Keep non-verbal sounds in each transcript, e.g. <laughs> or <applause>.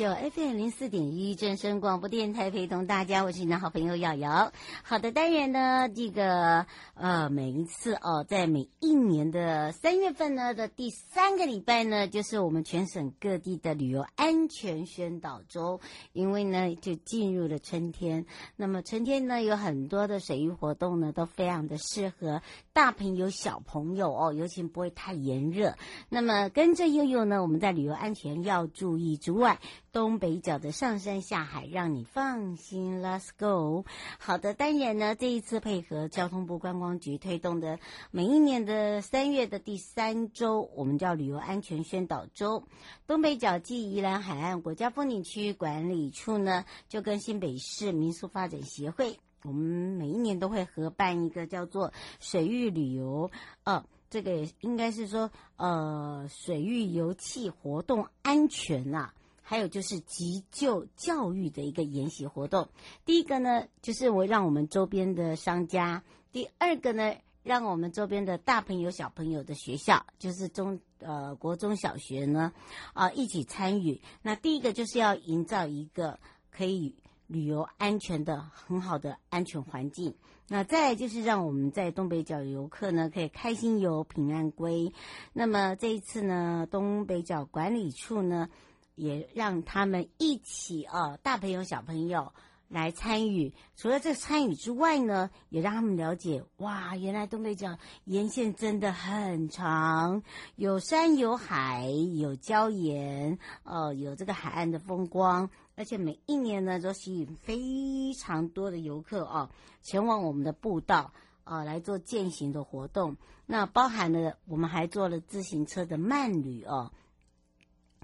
就 FM 零四點一，正聲廣播電台，陪同大家，我是你的好朋友瑤瑤。好的，當然呢，這個呃，每一次哦，在每一年的三月份呢的第三個禮拜呢，就是我們全省各地的旅遊安全宣導周。因為呢，就進入了春天，那麼春天呢，有很多的水域活動呢，都非常的適合大朋友小朋友哦，尤其不會太炎熱。那麼跟着悠悠呢，我們在旅遊安全要注意之外。東北角的上山下海讓你放心，Let's go。好的，單元呢，這一次配合交通部觀光局推動的，每一年的三月的第三周，我們叫旅遊安全宣導周。東北角暨宜蘭海岸國家風景區管理處呢，就跟新北市民宿發展協會，我們每一年都會合辦一個叫做水域旅遊，呃，這個應該是說呃，水域遊憩活動安全啊。還有就是急救教育的一個研習活動。第一個呢，就是我讓我們週邊的商家；第二個呢，讓我們週邊的大朋友、小朋友的學校，就是中呃國中小學呢啊、呃、一起參與。那第一個就是要營造一個可以旅遊安全的很好的安全環境。那再來就是讓我們在東北角遊客呢可以開心遊、平安歸。那麼這一次呢，東北角管理處呢。也讓他們一起啊、哦，大朋友小朋友來參與。除了這參與之外呢，也讓他們了解哇，原來東北角沿線真的很長，有山有海有礁岩哦、呃，有這個海岸的風光，而且每一年呢都吸引非常多的遊客哦，前往我們的步道啊、呃、來做健行的活動。那包含了我們還做了自行車的慢旅哦。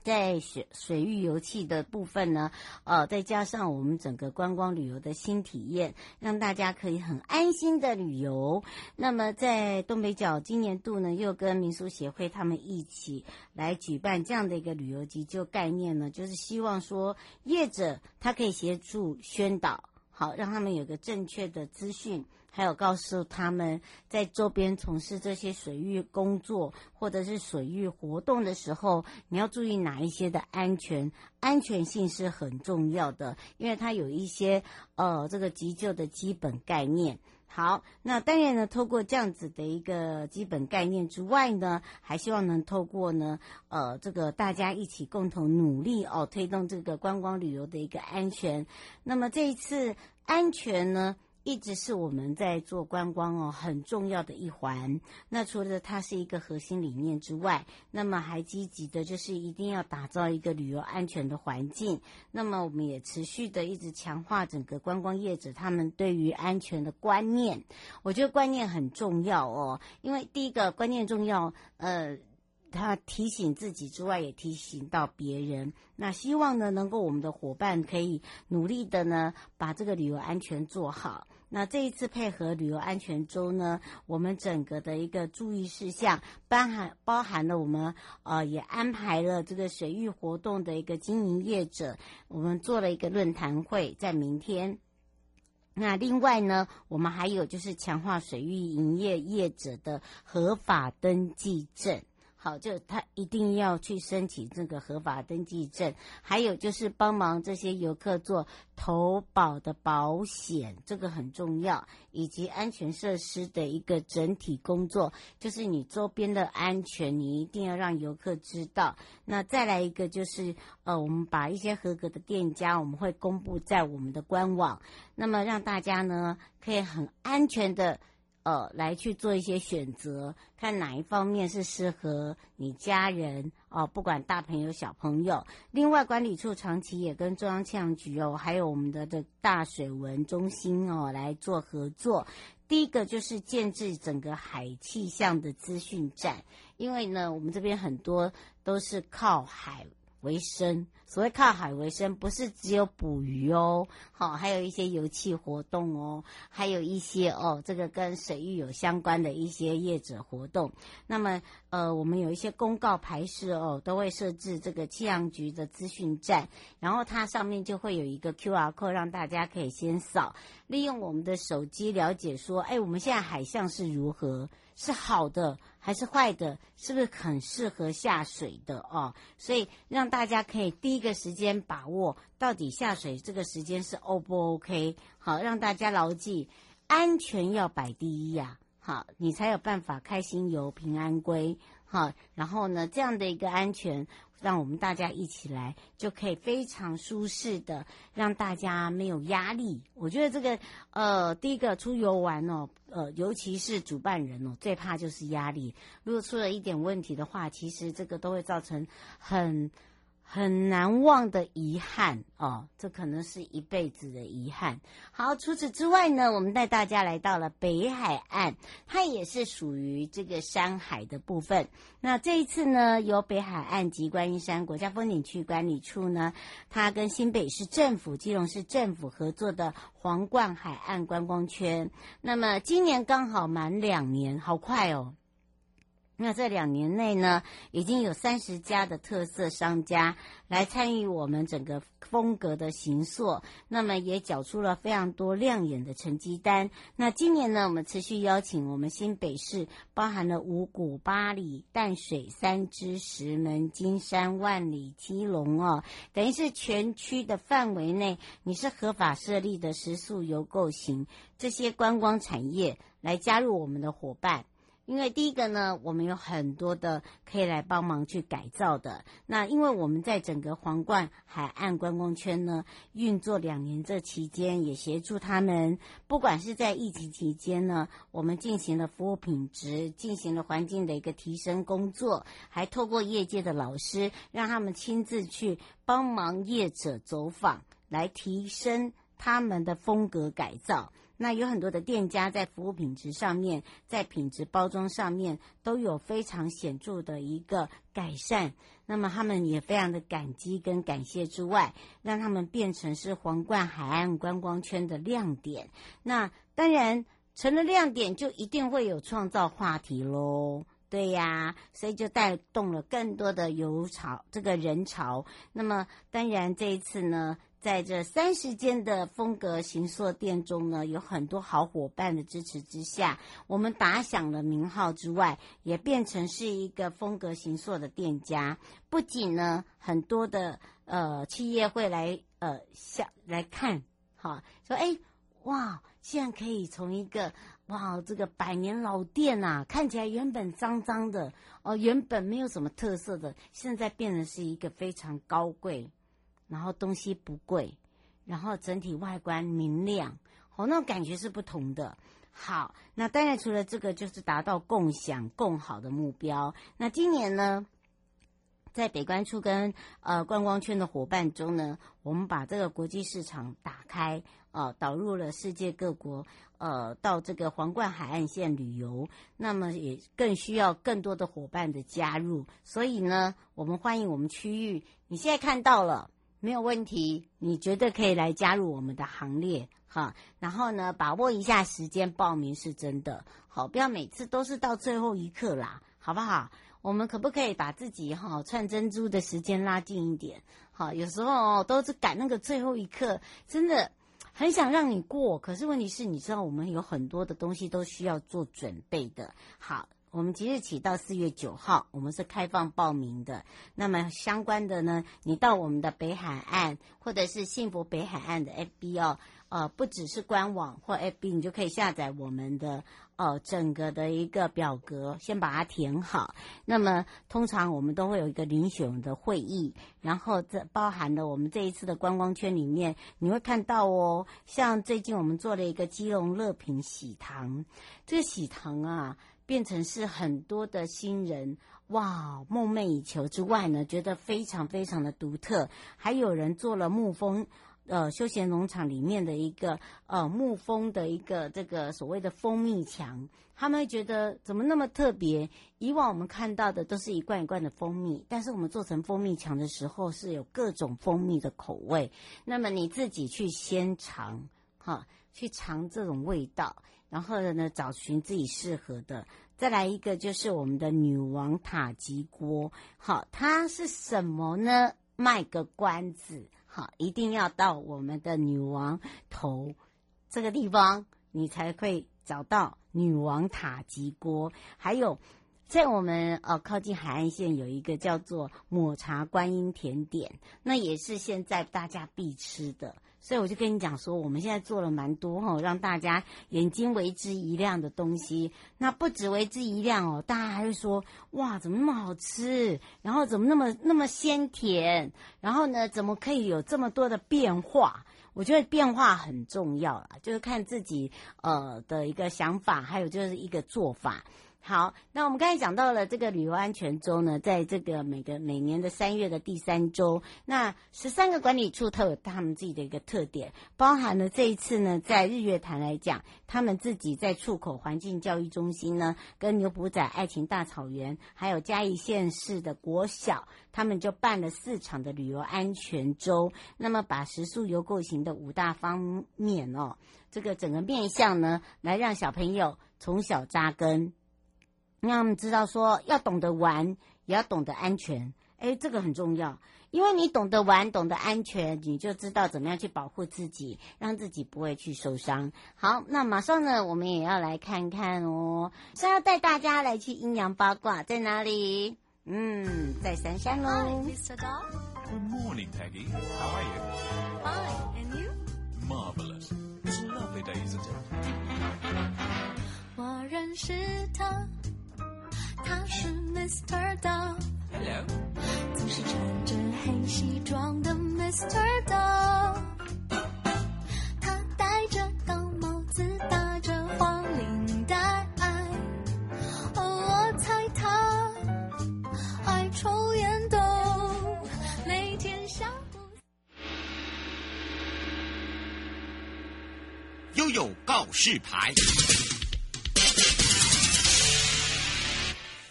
在水水域遊憩的部分呢，呃、哦，再加上我們整個觀光旅遊的新體驗，讓大家可以很安心的旅遊。那麼在東北角今年度呢，又跟民俗協會他們一起來舉辦這樣的一個旅遊急救概念呢，就是希望說業者他可以協助宣導，好讓他們有個正確的資訊。還有告訴他們在周邊從事這些水域工作或者是水域活動的時候，你要注意哪一些的安全？安全性是很重要的，因為它有一些呃這個急救的基本概念。好，那當然呢，透過這樣子的一個基本概念之外呢，還希望能透過呢呃這個大家一起共同努力哦，推動這個觀光旅遊的一個安全。那麼這一次安全呢？一直是我們在做觀光哦，很重要的一環。那除了它是一個核心理念之外，那麼還積極的就是一定要打造一個旅遊安全的環境。那麼我們也持續的一直強化整個觀光業者他們對於安全的觀念。我覺得觀念很重要哦，因為第一個觀念重要，呃，他提醒自己之外，也提醒到別人。那希望呢，能夠我們的夥伴可以努力的呢，把這個旅遊安全做好。那這一次配合旅遊安全週呢，我們整個的一個注意事項包含，包含了我們呃，也安排了這個水域活動的一個經營業者，我們做了一個論壇會，在明天。那另外呢，我們還有就是強化水域營業業者的合法登記證。好，就他一定要去申請這個合法登記證，還有就是幫忙這些遊客做投保的保險，這個很重要，以及安全設施的一個整體工作，就是你周邊的安全，你一定要讓遊客知道。那再來一個就是，呃，我們把一些合格的店家，我們會公布在我們的官網，那麼讓大家呢可以很安全的。呃、哦，來去做一些選擇，看哪一方面是適合你家人哦，不管大朋友小朋友。另外，管理處長期也跟中央氣象局哦，還有我們的的大水文中心哦來做合作。第一個就是建置整個海氣象的資訊站，因為呢，我們這邊很多都是靠海為生，所謂靠海為生，不是只有捕魚哦，好、哦，還有一些遊憩活動哦，還有一些哦，這個跟水域有相關的一些業者活動。那麼，呃，我們有一些公告牌示哦，都會設置這個氣象局的資訊站，然後它上面就會有一個 QR code，讓大家可以先掃，利用我們的手機了解說，哎，我們現在海象是如何？是好的還是壞的？是不是很適合下水的哦、啊？所以讓大家可以第一個時間把握到底下水這個時間是 O 不 OK？好，讓大家牢記安全要擺第一呀、啊！好，你才有辦法開心游、平安歸。好，然後呢，這樣的一個安全。讓我們大家一起來，就可以非常舒適的，讓大家沒有壓力。我覺得這個，呃，第一個出遊玩哦，呃，尤其是主辦人哦，最怕就是壓力。如果出了一點問題的話，其實這個都會造成很。很難忘的遺憾哦，這可能是一輩子的遺憾。好，除此之外呢，我們帶大家來到了北海岸，它也是屬於這個山海的部分。那這一次呢，由北海岸及觀音山國家風景區管理處呢，它跟新北市政府、基隆市政府合作的皇冠海岸觀光圈，那麼今年剛好滿兩年，好快哦。那這兩年內呢，已經有三十家的特色商家來參與我們整個風格的形塑，那麼也繳出了非常多亮眼的成績單。那今年呢，我們持續邀請我們新北市，包含了五股八里、淡水、三芝、石門、金山、萬里、基隆哦，等於是全區的範圍內，你是合法設立的食宿遊購行這些觀光產業來加入我們的夥伴。因為第一個呢，我們有很多的可以來幫忙去改造的。那因為我們在整個皇冠海岸觀光圈呢，運作兩年這期間，也協助他們，不管是在疫情期間呢，我們進行了服務品質，進行了環境的一個提升工作，還透過業界的老師讓他們親自去幫忙業者走訪，來提升他們的風格改造。那有很多的店家在服務品質上面，在品質包裝上面都有非常顯著的一個改善。那麼他們也非常的感激跟感謝之外，讓他們變成是皇冠海岸觀光圈的亮點。那當然成了亮點，就一定會有創造話題嘍。對呀、啊，所以就帶動了更多的遊潮，這個人潮。那麼當然這一次呢。在這三十間的風格形塑店中呢，有很多好夥伴的支持之下，我們打響了名號之外，也變成是一個風格形塑的店家。不僅呢，很多的呃企業會來呃下來看，哈說哎哇，現在可以從一個哇這個百年老店啊，看起來原本髒髒的哦，原本沒有什麼特色的，現在變成是一個非常高貴。然後東西不貴，然後整體外觀明亮，哦，那種感覺是不同的。好，那當然除了這個，就是達到共享共好的目標。那今年呢，在北觀處跟呃觀光圈的夥伴中呢，我們把這個國際市場打開，啊，呃，導入了世界各國，呃，到這個皇冠海岸線旅遊，那麼也更需要更多的夥伴的加入。所以呢，我們歡迎我們區域，你現在看到了。沒有問題，你覺得可以來加入我們的行列哈？然後呢，把握一下時間報名是真的好，不要每次都是到最後一刻啦，好不好？我們可不可以把自己哈串珍珠的時間拉近一點？好，有時候哦，都是趕那個最後一刻，真的很想讓你過，可是問題是，你知道我們有很多的東西都需要做準備的，好。我們即日起到四月九號，我們是開放報名的。那麼相關的呢，你到我們的北海岸或者是幸福北海岸的 FB 哦，呃，不只是官網或 FB，你就可以下載我們的呃整個的一個表格，先把它填好。那麼通常我們都會有一個遴選的會議，然後這包含了我們這一次的觀光圈裡面，你會看到哦，像最近我們做了一個基隆樂品喜塘，這個喜塘啊。變成是很多的新人哇夢寐以求之外呢，覺得非常非常的獨特。還有人做了牧蜂呃休閒農場裡面的一個呃牧蜂的一個這個所謂的蜂蜜牆，他們會覺得怎麼那麼特別？以往我們看到的都是一罐一罐的蜂蜜，但是我們做成蜂蜜牆的時候是有各種蜂蜜的口味。那麼你自己去先嘗哈，去嘗這種味道。然後呢，找尋自己適合的。再來一個就是我們的女王塔吉鍋，好，它是什麼呢？賣個關子，好，一定要到我們的女王頭這個地方，你才會找到女王塔吉鍋。還有，在我們呃、哦、靠近海岸線有一個叫做抹茶觀音甜點，那也是現在大家必吃的。所以我就跟你講說，我們現在做了蠻多哈、哦，讓大家眼睛為之一亮的東西。那不止為之一亮哦，大家還會說哇，怎麼那麼好吃？然後怎麼那麼那麼鮮甜？然後呢，怎麼可以有這麼多的變化？我覺得變化很重要啦，就是看自己呃的一個想法，還有就是一個做法。好，那我們剛才講到了這個旅遊安全周呢，在這個每個每年的三月的第三周，那十三個管理處它有他們自己的一個特點，包含了這一次呢，在日月潭來講，他們自己在出口環境教育中心呢，跟牛埔仔愛情大草原，還有嘉義縣市的國小，他們就辦了四場的旅遊安全周，那麼把食宿遊購行的五大方面哦，這個整個面向呢，來讓小朋友從小扎根。那我們知道說要懂得玩，也要懂得安全，誒，這個很重要。因為你懂得玩，懂得安全，你就知道怎麼樣去保護自己，讓自己不會去受傷。好，那馬上呢，我們也要來看看哦，所以要帶大家來去陰陽八卦在哪裡？嗯，在山山囉，我認識他他是 Mr. Dog，、e, Hello. 總是穿着黑西裝的 Mr. Dog，、e, 他戴着高帽子，打着黃領帶，哦，我猜他愛抽煙斗，每天下午。YOYO 告示牌。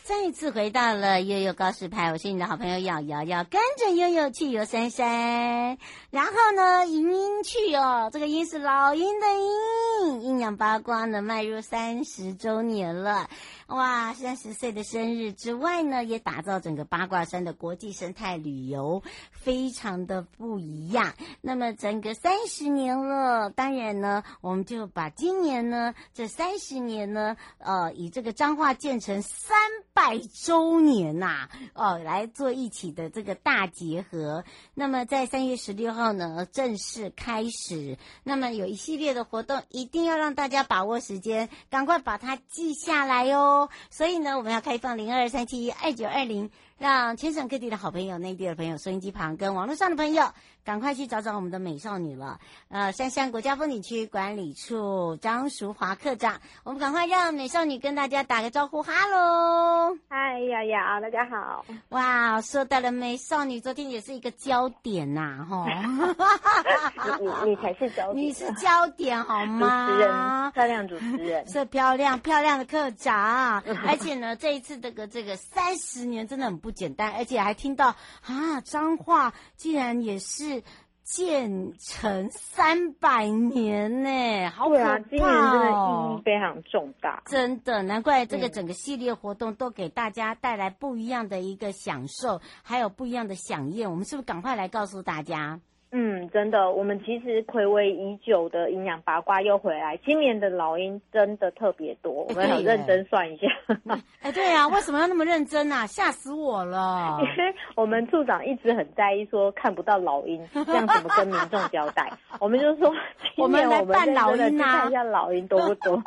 再次回到了悠悠告示牌，我是你的好朋友咬瑤瑤，跟着悠悠去遊山山，然後呢，瑩瑩去哦，這個“瑩”是老鷹的音“鷹”，陰陽八卦呢，邁入三十周年了。哇，三十歲的生日之外呢，也打造整個八卦山的國際生態旅遊，非常的不一樣。那麼整個三十年了，當然呢，我們就把今年呢這三十年呢，呃，以這個彰化建城三百周年吶、啊，哦、呃，來做一起的這個大結合。那麼在三月十六號呢，正式開始。那麼有一系列的活動，一定要讓大家把握時間，趕快把它記下來喲、哦。所以呢，我們要開放零二三七一二九二零。讓全省各地的好朋友、內地的朋友、收音機旁跟網絡上的朋友，趕快去找找我們的美少女了。呃，參山國家風景區管理處張淑華課長，我們趕快讓美少女跟大家打個招呼，哈嘍！嗨，YOYO，大家好！哇，說到了美少女，昨天也是一個焦點吶、啊，哈。 <laughs> 你你才是焦點，你是焦點好嗎？主持人漂亮主持人，是漂亮漂亮的課長， <laughs> 而且呢，這一次這個這個三十年真的很，不簡單，而且還聽到啊，彰化竟然也是建成三百年呢，好可怕，哦，對啊！今年真的意義非常重大，真的難怪這個整個系列活動都給大家帶來不一樣的一個享受，對還有不一樣的饗宴。我們是不是趕快來告訴大家？嗯，真的，我們其實暌違已久的營養八卦又回來。今年的老鷹真的特別多，我們很認真算一下。哎、欸欸，對啊，為什麼要那麼認真啊？嚇死我了！因為 <laughs> 我們處長一直很在意說看不到老鷹，這樣怎麼跟民眾交代？ <laughs> 我們就說，今年我們來扮老鷹啊，看一下老鷹多不多。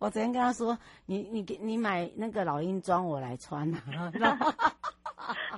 我昨天、啊、 <laughs> 跟他說，你你給你買那個老鷹裝，我來穿、啊 <laughs>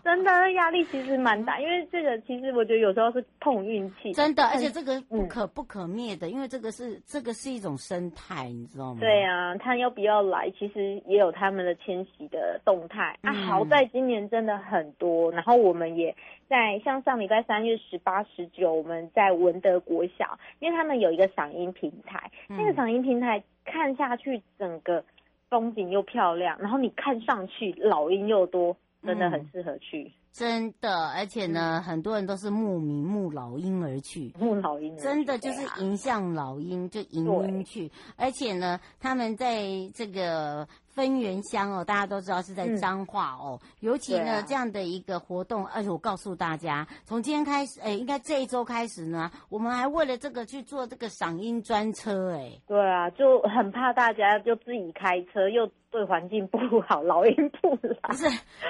真的，壓力其實蠻大，因為這個其實我覺得有時候是碰運氣。真的，很而且這個不可不可滅的，嗯、因為這個是這個是一種生態，你知道嗎？對啊，他要不要來，其實也有他們的遷徙的動態。啊，嗯、啊，好在今年真的很多，然後我們也在像上禮拜三月十八、十九，我們在文德國小，因為他們有一個賞鷹平台，嗯、那個賞鷹平台看下去，整個風景又漂亮，然後你看上去老鷹又多。真的很適合去，嗯，真的，而且呢，嗯，很多人都是慕名慕老鷹而去，慕老鷹，真的就是迎向老鷹就迎鷹去，對而且呢，他們在這個芬園鄉哦，大家都知道是在彰化哦，嗯，尤其呢，啊，這樣的一個活動，而，哎，且我告訴大家，從今天開始，哎，欸，應該這一周開始呢，我們還為了這個去做這個賞鷹專車，欸，哎，對啊，就很怕大家就自己開車又。對，環境不好，老鷹不來，不是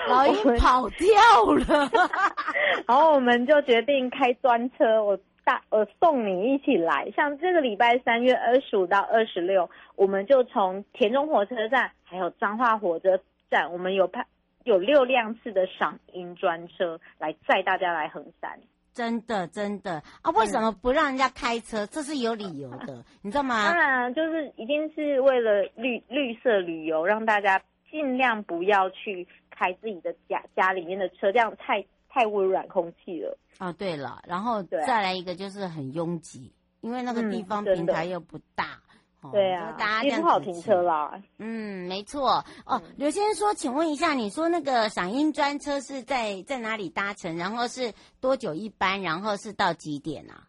老鷹跑掉了， <laughs> 然後我們就決定開專車，我大我送你一起來。像這個禮拜三月二十五到二十六，我們就從田中火車站還有彰化火車站，我們有派有六輛次的賞鷹專車來載大家來橫山。真的，真的啊！為什麼不讓人家開車？嗯、這是有理由的，你知道嗎？當然、啊，就是一定是為了綠綠色旅遊，讓大家儘量不要去開自己的家家裡面的車，這樣太太污染空氣了。啊，對了，然後再來一個就是很擁擠，對因為那個地方平台又不大。嗯哦、對啊，也不好停車啦。嗯，沒錯。哦，劉、嗯、先生說，請問一下，你說那個賞櫻專車是在在哪裡搭乘？然後是多久一班？然後是到幾點啊？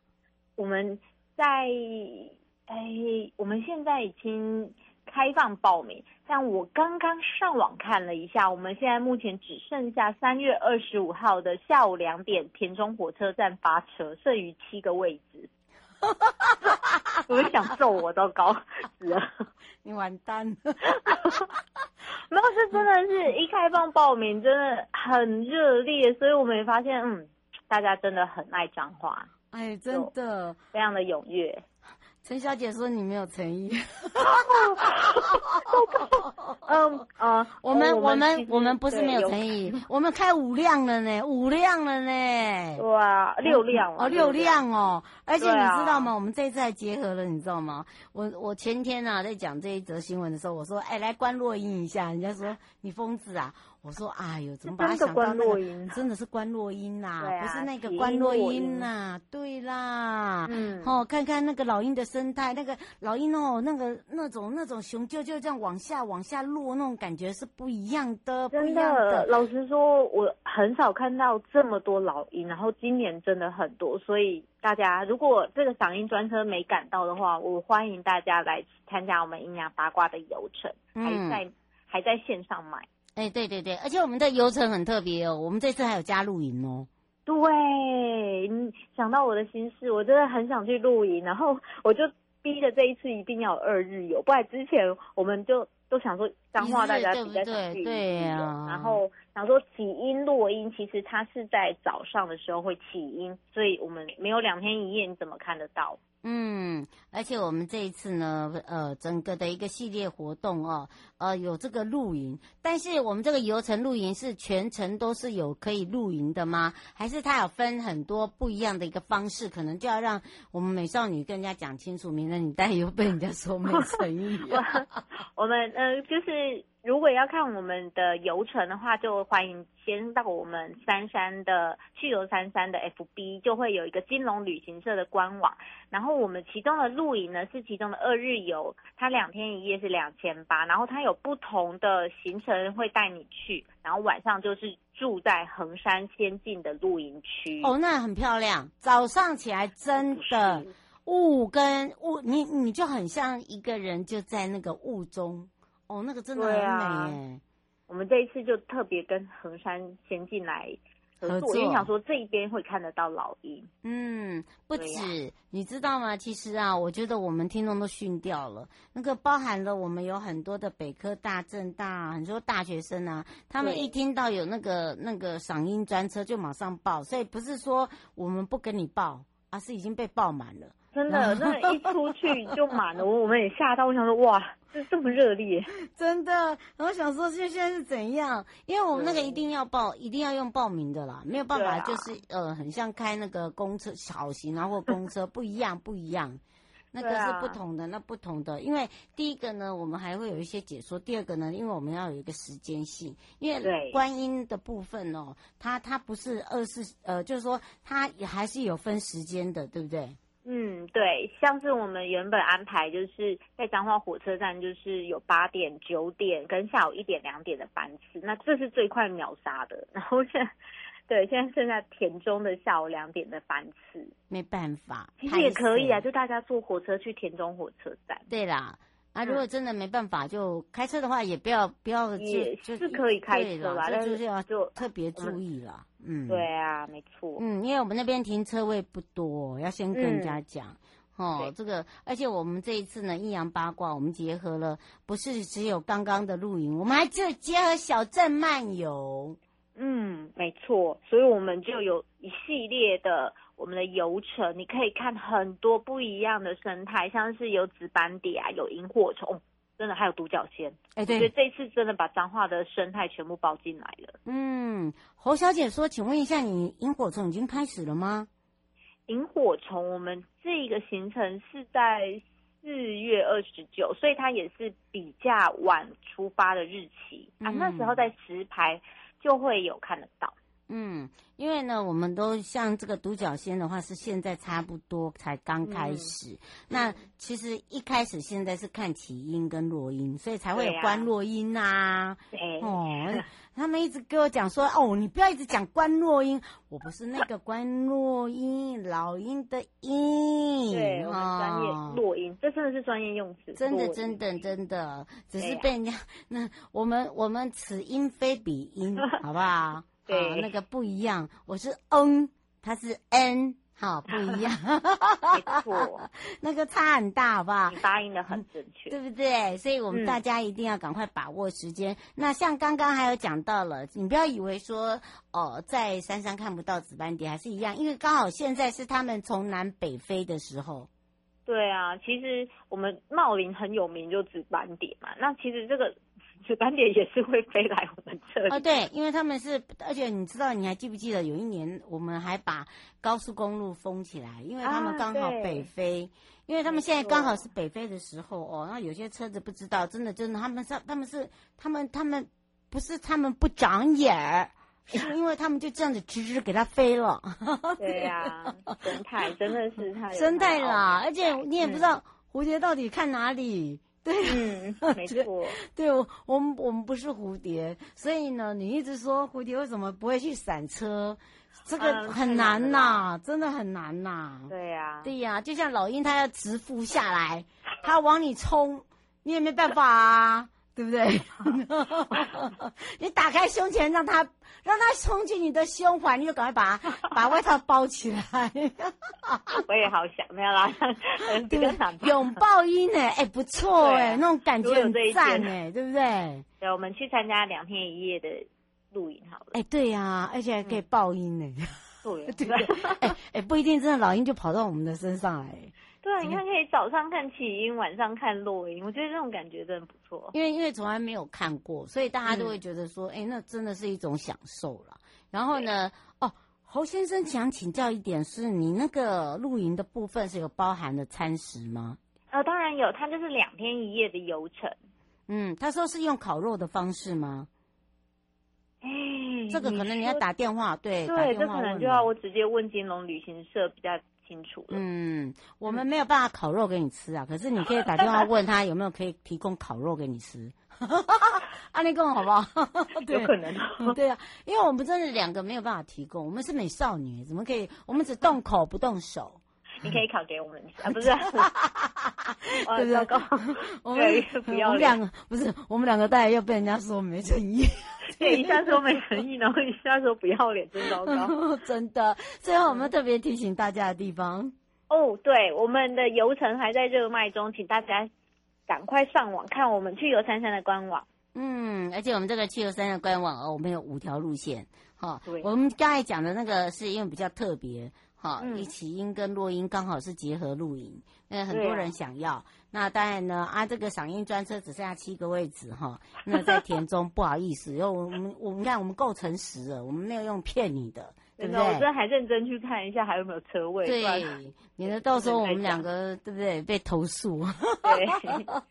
我們在哎，我們現在已經開放報名。但我剛剛上網看了一下，我們現在目前只剩下三月二十五號的下午兩點田中火車站發車，剩餘七個位置。哈哈哈哈哈！我 <laughs> 想揍我都搞死了， <laughs> 你完蛋了。 <laughs> <laughs> 沒有，是真的是，一開放報名真的很熱烈，所以我們也發現，嗯，大家真的很愛髒話，哎、欸，真的非常的踴躍。陳小姐說你沒有誠意，哈哈。我們，我們我們不是沒有誠意，我們開五輛了呢，五輛了呢，對啊，六輛、嗯、哦，六輛哦，六輛，而且你知道嗎？啊、我們這次還結合了，你知道嗎？我我前天啊在講這一則新聞的時候，我說：欸「哎來觀落陰一下，人家說：「你瘋子啊。我說：“哎呦，怎麼把它想、那個、是觀落陰、啊，真的是觀落陰吶、啊，啊、不是那個觀落陰吶、啊，對啦。嗯，哦，看看那個老鷹的生態，那個老鷹哦，那個那種那種雄赳赳這樣往下往下落那種感覺是不一樣的。的不一樣的，老實說，我很少看到這麼多老鷹，然後今年真的很多，所以大家如果這個賞鷹專車沒趕到的話，我歡迎大家來參加我們陰陽八卦的遊程，嗯、還在還在線上買。”哎，欸、對對對，而且我們的遊程很特別哦，我們這次還有加露營哦。對，你想到我的心事，我真的很想去露營，然後我就逼着這一次一定要有二日遊，不然之前我們就都想說，髒話大家比較想去露營對，對，營、啊，然後想說起因落音，其實它是在早上的時候會起音，所以我們沒有兩天一夜，你怎麼看得到？嗯，而且我們這一次呢，呃，整個的一個系列活動哦，呃，有這個露營，但是我們這個遊程露營是全程都是有可以露營的嗎？還是它有分很多不一樣的一個方式？可能就要讓我們美少女跟人家講清楚，明天你帶又被人家說沒誠意、啊 <laughs> 我們，呃，就是。如果要看我們的遊程的話，就歡迎先到我們三山的去遊三山的 FB，就會有一個金龍旅行社的官網。然後我們其中的露營呢是其中的二日遊，它兩天一夜是兩千八。然後它有不同的行程會帶你去，然後晚上就是住在衡山仙境的露營區。哦，那很漂亮。早上起來真的霧是跟霧，你你就很像一個人就在那個霧中。哦，那個真的很美、欸啊。我們這一次就特別跟衡山先進來合作，我也作想說這一邊會看得到老鷹。嗯，不止，啊、你知道嗎？其實啊，我覺得我們聽眾都遜掉了。那個包含了我們有很多的北科大、政大很多大學生啊，他們一聽到有那個對那個賞鷹專車就馬上報，所以不是說我們不跟你報，而、啊、是已經被報滿了。真的，那後一出去就滿了， <laughs> 我們也嚇到，我想說哇。這這麼熱烈，真的，然後我想說現現在是怎樣？因為我們那個一定要報，對一定要用報名的啦，沒有辦法，就是、啊、呃，很像開那個公車小型啊，然後或公車不一樣，不一樣， <laughs> 那個是不同的，那不同的，因為第一個呢，我們還會有一些解說，第二個呢，因為我們要有一個時間性，因為觀音的部分哦，它它不是二四，呃，就是說它也還是有分時間的，對不對？嗯，對，像是我們原本安排就是在彰化火車站，就是有八點、九點跟下午一點、兩點的班次，那這是最快秒殺的。然後現在，對，現在剩下田中的下午兩點的班次，沒辦法，其實也可以啊，就大家坐火車去田中火車站。對啦。啊，如果真的沒辦法就開車的話，也不要不要借，也就就是可以開車吧，對啦就是要就特別注意啦。就嗯，嗯對啊，沒錯。嗯，錯因為我們那邊停車位不多，要先跟人家講哦。這個，而且我們這一次呢，陰陽八卦，我們結合了，不是只有剛剛的露營，我們還就結合小鎮漫遊。嗯，沒錯。所以我們就有一系列的。我們的遊程，你可以看很多不一樣的生態，像是有紫斑蝶啊，有螢火蟲，哦，真的還有獨角仙，哎，欸，對，所以這一次真的把彰化的生態全部包進來了。嗯，侯小姐說，請問一下你，你螢火蟲已經開始了嗎？螢火蟲，我們這一個行程是在四月二十九，所以它也是比較晚出發的日期，嗯、啊，那時候在石牌就會有看得到。嗯，因為呢，我們都像這個獨角仙的話，是現在差不多才剛開始。嗯、那其實一開始現在是看起音跟落音，所以才會有觀落音吶、啊。對、啊、哦， <laughs> 他們一直跟我講說：“哦，你不要一直講觀落音，我不是那個觀落音， <laughs> 老鷹的鷹。”對，哦、我們專業落音，這真的是專業用詞，真的 <noise> 真的真的，只是被人家、啊、那我們我們此音非彼音，好不好？ <laughs> 對、哦，那個不一樣。我是 n，他是 n，好，不一樣。沒錯， <laughs> 那個差很大，好不好？你答應得很準確、嗯，對不對？所以我們大家一定要趕快把握時間。嗯、那像剛剛還有講到了，你不要以為說哦，在山上看不到紫斑蝶還是一樣，因為剛好現在是他們從南北飛的時候。對啊，其實我們茂林很有名，就紫斑蝶嘛。那其實這個。斑蝶也是會飛來我們這裡啊，對，因為他們是，而且你知道，你還記不記得有一年我們還把高速公路封起來，因為他們剛好北飛，啊、因為他們現在剛好是北飛的時候說哦。那有些車子不知道，真的，真的，他們是他們是他們他們，他們不是他們不長眼兒，嗯、是因為他們就這樣子直直給它飛了。 <laughs> 對呀、啊，神態真的是太神態了，而且你也不知道蝴蝶、嗯、到底看哪裡。對，沒錯 <laughs> 對，對，我我們我們不是蝴蝶，所以呢，你一直說蝴蝶為什麼不會去閃車，這個很難吶、啊，嗯、是的、是的真的很難吶、啊。對呀、啊，對呀、啊，就像老鷹，它要直撲下來，它往你衝，你也沒辦法啊。對不對？ <laughs> <laughs> 你打開胸前，讓他讓他衝進你的胸懷，你就趕快把把外套包起來。 <laughs> <laughs> 我也好想，沒有啦，擁抱擁抱鷹呢？哎，不錯哎，啊、那種感覺很讚呢，對不對，對？我們去參加兩天一夜的錄影好了。哎，對呀、啊，而且還可以抱音。呢、嗯 <laughs> 啊，對吧、啊？哎、 <laughs> 啊，哎，不一定真的老鷹就跑到我們的身上來。對、啊，你看，可以早上看起因晚上看落音。我覺得這種感覺真的不錯。因為因為從來沒有看過，所以大家都會覺得說，哎、嗯，那真的是一種享受了。然後呢，對哦，侯先生想請教一點，是你那個露營的部分是有包含的餐食嗎？呃，當然有，它就是兩天一夜的遊程。嗯，他說是用烤肉的方式嗎？哎、欸，這個可能你要打電話，說對，對，這可能就要我直接問金龍旅行社比較。清楚了，嗯，我們沒有辦法烤肉給你吃啊。可是你可以打電話問他有沒有可以提供烤肉給你吃，安利更好哈好 <laughs> 對有可能、啊嗯，對啊，因為我們真的兩個沒有辦法提供，我們是美少女，怎麼可以？我們只動口不動手。你可以考給我們啊,啊？ <laughs> 我是不是、啊，對不糟糕我們我們兩個不是我們兩個，兩個大概要被人家說沒誠意。 <laughs> 對，一下說沒誠意，然後一下說不要臉，真糟糕， <laughs> 真的。最後我們特別提醒大家的地方哦，對，我們的遊程還在熱賣中，請大家趕快上網看我們去遊山山的官網。嗯，而且我們這個去遊山的官網哦，我們有五條路線。哈、哦，對我們剛才講的那個是因為比較特別。好，一起音跟落英剛好是結合錄音，那很多人想要，啊、那當然呢，啊，這個賞櫻專車只剩下七個位置哈，那在田中 <laughs> 不好意思，因為我們我們看我們夠誠實了，我們沒有用騙你的。真的，我真的還認真去看一下還有沒有車位，對，對，免得到時候我們兩個對不對，對，對被投訴？對，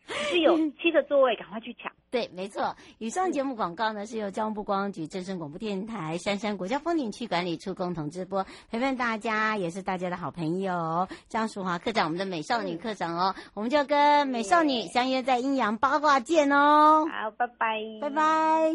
<laughs> 是有七個座位，趕快去搶。對，沒錯。以上節目廣告呢是由交通部觀光局、正聲廣播電台、參山國家風景區管理處共同直播，陪伴，大家也是大家的好朋友。張淑華課長，我們的美少女課長哦，我們就跟美少女相約在陰陽八卦見哦。好，拜拜，拜拜。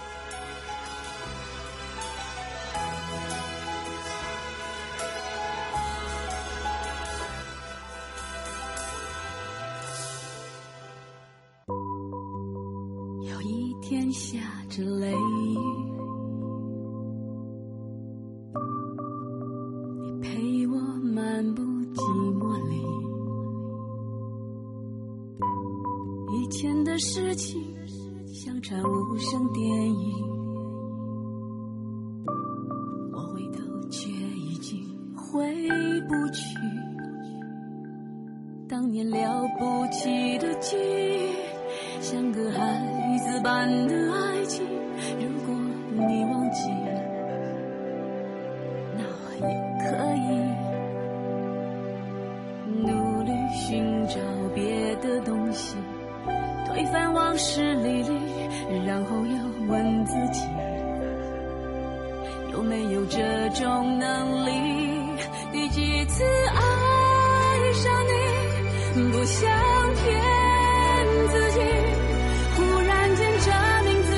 當年了不起的記憶，像個孩子般的愛情。如果你忘記，那也可以努力尋找別的東西，推翻往事歷歷，然後要問自己，有沒有這種能力？第幾次愛？不想騙自己，忽然間這名字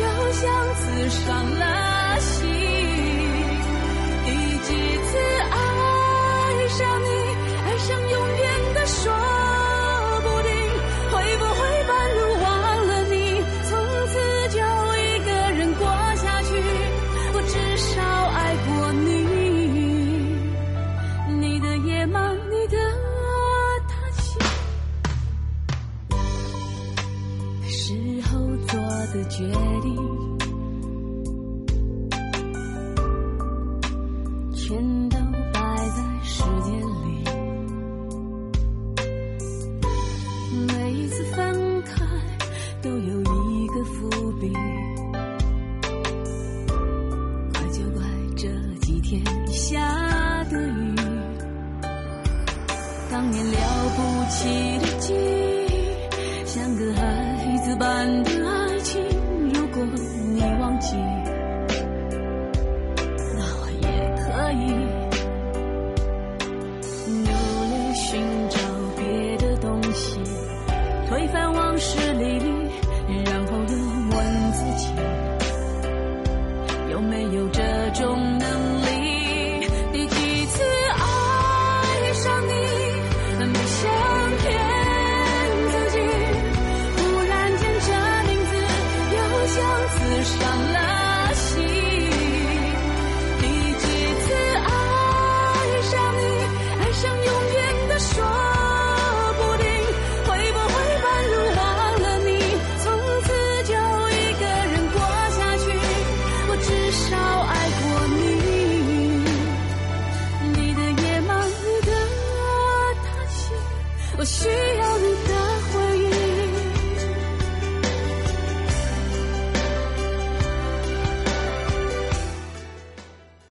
又像刺傷了。是淚，然後又問自己，有沒有這種？